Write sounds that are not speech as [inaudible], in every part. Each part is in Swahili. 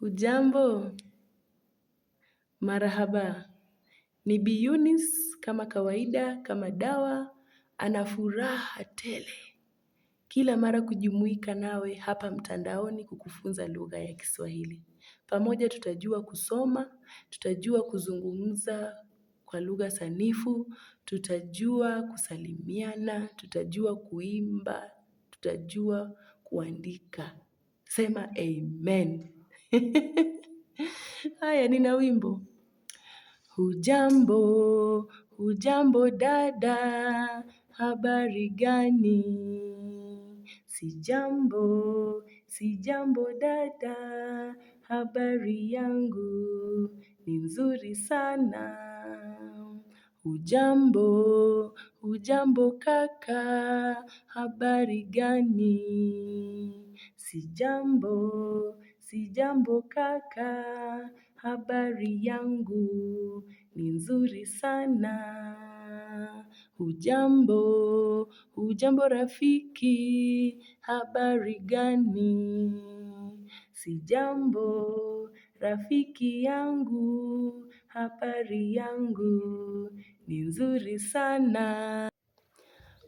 Hujambo, marahaba, ni Bi kama kawaida, kama dawa, ana furaha tele. Kila mara kujumuika nawe hapa mtandaoni kukufunza lugha ya Kiswahili. Pamoja tutajua kusoma, tutajua kuzungumza kwa lugha sanifu, tutajua kusalimiana, tutajua kuimba, tutajua kuandika. Sema amen. [laughs] Haya, nina wimbo. Hujambo, hujambo dada, habari gani? Sijambo, sijambo dada, habari yangu ni nzuri sana. Hujambo, hujambo kaka, habari gani? Sijambo, Sijambo kaka, habari yangu ni nzuri sana. Hujambo, hujambo rafiki, habari gani? Sijambo, rafiki yangu, habari yangu ni nzuri sana.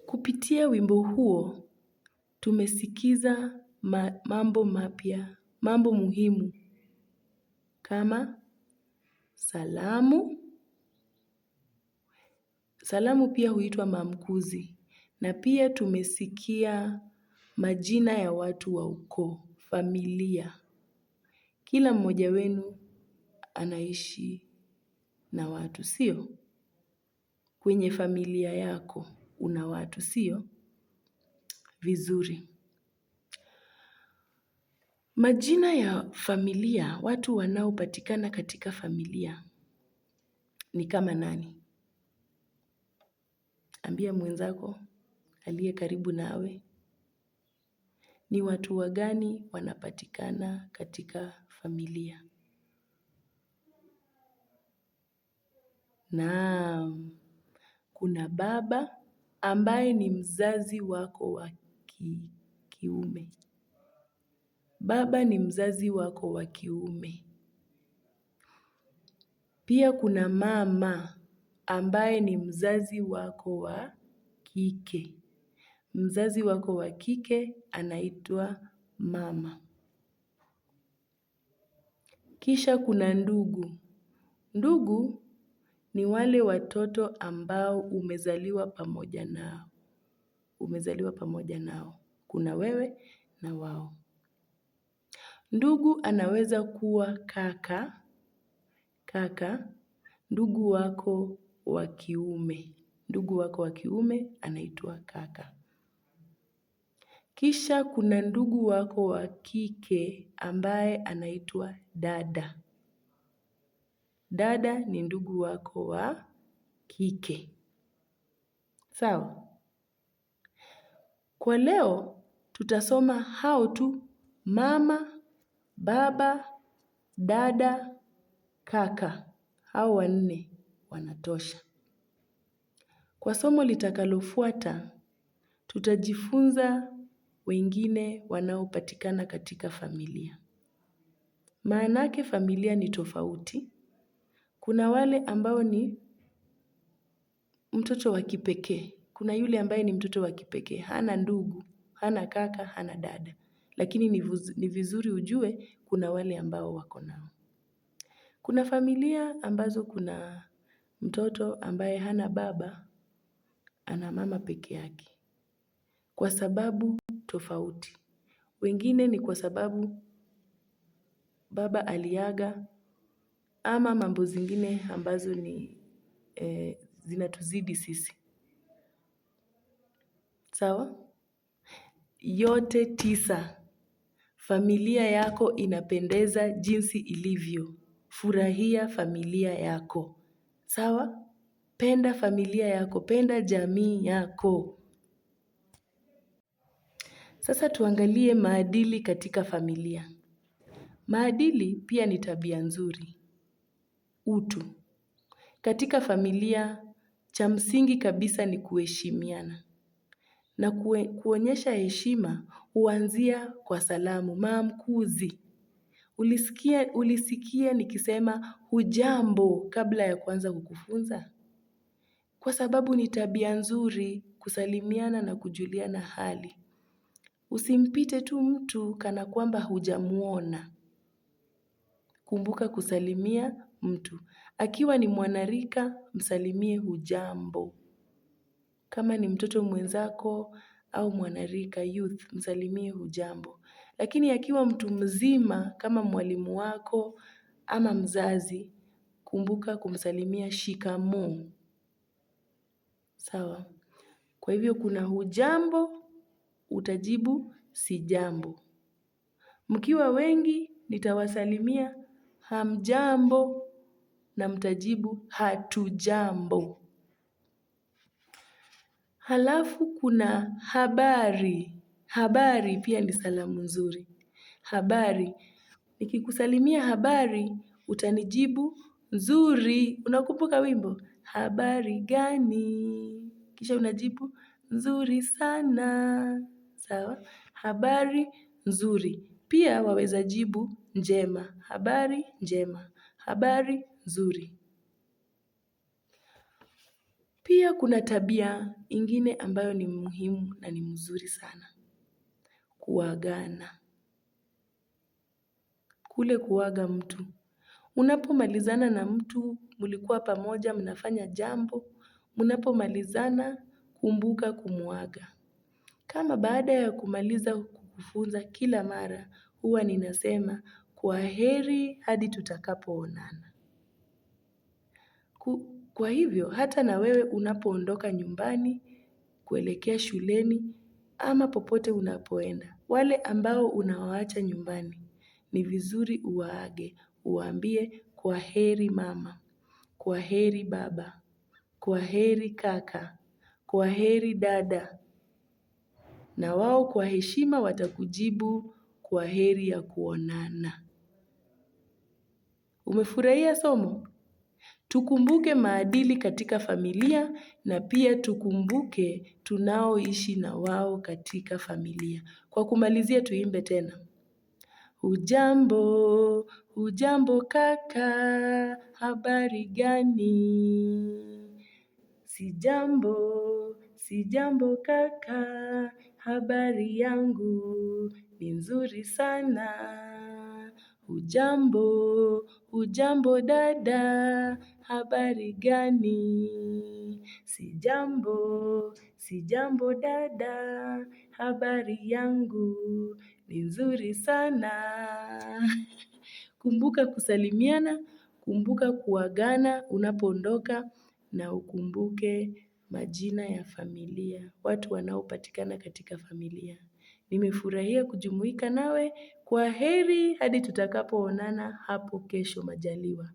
Kupitia wimbo huo, tumesikiza mambo mapya mambo muhimu kama salamu. Salamu pia huitwa mamkuzi na pia tumesikia majina ya watu wa ukoo, familia. Kila mmoja wenu anaishi na watu, sio? Kwenye familia yako una watu, sio? Vizuri. Majina ya familia, watu wanaopatikana katika familia ni kama nani? Ambia mwenzako aliye karibu nawe. Ni watu wagani wanapatikana katika familia? Naam, kuna baba ambaye ni mzazi wako wa kiume. Baba ni mzazi wako wa kiume. Pia kuna mama ambaye ni mzazi wako wa kike. Mzazi wako wa kike anaitwa mama. Kisha kuna ndugu. Ndugu ni wale watoto ambao umezaliwa pamoja nao. Umezaliwa pamoja nao. Kuna wewe na wao. Ndugu anaweza kuwa kaka, kaka, ndugu wako wa kiume. Ndugu wako wa kiume anaitwa kaka. Kisha kuna ndugu wako wa kike ambaye anaitwa dada. Dada ni ndugu wako wa kike. Sawa? Kwa leo tutasoma hao tu mama Baba, dada, kaka hao wanne wanatosha. Kwa somo litakalofuata tutajifunza wengine wanaopatikana katika familia. Maanake familia ni tofauti. Kuna wale ambao ni mtoto wa kipekee. Kuna yule ambaye ni mtoto wa kipekee, hana ndugu, hana kaka, hana dada lakini mm-hmm. ni vizuri ujue kuna wale ambao wako nao. Kuna familia ambazo kuna mtoto ambaye hana baba, ana mama peke yake. Kwa sababu tofauti. Wengine ni kwa sababu baba aliaga ama mambo zingine ambazo ni eh, zinatuzidi sisi. Sawa? Yote tisa Familia yako inapendeza jinsi ilivyo. Furahia familia yako. Sawa? Penda familia yako. Penda jamii yako. Sasa tuangalie maadili katika familia. Maadili pia ni tabia nzuri. Utu. Katika familia, cha msingi kabisa ni kuheshimiana na kuonyesha heshima huanzia kwa salamu. Maamkuzi, ulisikia nikisema hujambo kabla ya kuanza kukufunza? Kwa sababu ni tabia nzuri kusalimiana na kujuliana hali. Usimpite tu mtu kana kwamba hujamuona. Kumbuka kusalimia mtu. Akiwa ni mwanarika, msalimie hujambo. Kama ni mtoto mwenzako au mwanarika youth, msalimie hujambo. Lakini akiwa mtu mzima kama mwalimu wako ama mzazi, kumbuka kumsalimia shikamoo. Sawa. Kwa hivyo kuna hujambo, utajibu sijambo. Mkiwa wengi, nitawasalimia hamjambo na mtajibu hatujambo. Halafu kuna habari. Habari pia ni salamu nzuri. Habari. Nikikusalimia habari, utanijibu nzuri. Unakumbuka wimbo? Habari gani? Kisha unajibu nzuri sana. Sawa? Habari nzuri. Pia waweza jibu njema. Habari njema. Habari nzuri. Pia kuna tabia ingine ambayo ni muhimu na ni mzuri sana. Kuagana. Kule kuaga mtu. Unapomalizana na mtu mlikuwa pamoja mnafanya jambo. Mnapomalizana kumbuka kumuaga. Kama baada ya kumaliza kukufunza kila mara huwa ninasema kwaheri hadi tutakapoonana. Kwa hivyo hata na wewe unapoondoka nyumbani, kuelekea shuleni, ama popote unapoenda. Wale ambao unawaacha nyumbani ni vizuri uwaage, uwaambie heri mama, kwa heri baba, kwa heri kaka, kwa heri dada. Na wao kwa heshima watakujibu kwa heri ya kuonana. Umefurahia somo? Tukumbuke maadili katika familia na pia tukumbuke tunaoishi na wao katika familia. Kwa kumalizia tuimbe tena. Hujambo, hujambo kaka, habari gani? Sijambo, sijambo kaka, habari yangu, ni nzuri sana. Hujambo, hujambo dada, habari gani? Sijambo, sijambo dada, habari yangu ni nzuri sana. [laughs] Kumbuka kusalimiana, kumbuka kuagana, unapoondoka na ukumbuke majina ya familia. Watu wanaopatikana katika familia. Nimefurahia kujumuika nawe. kwa heri hadi tutakapoonana hapo kesho majaliwa.